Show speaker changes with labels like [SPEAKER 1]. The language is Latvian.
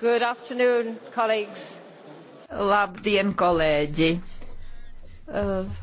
[SPEAKER 1] Good afternoon, colleagues.
[SPEAKER 2] Labdien, kolēģi! Uh.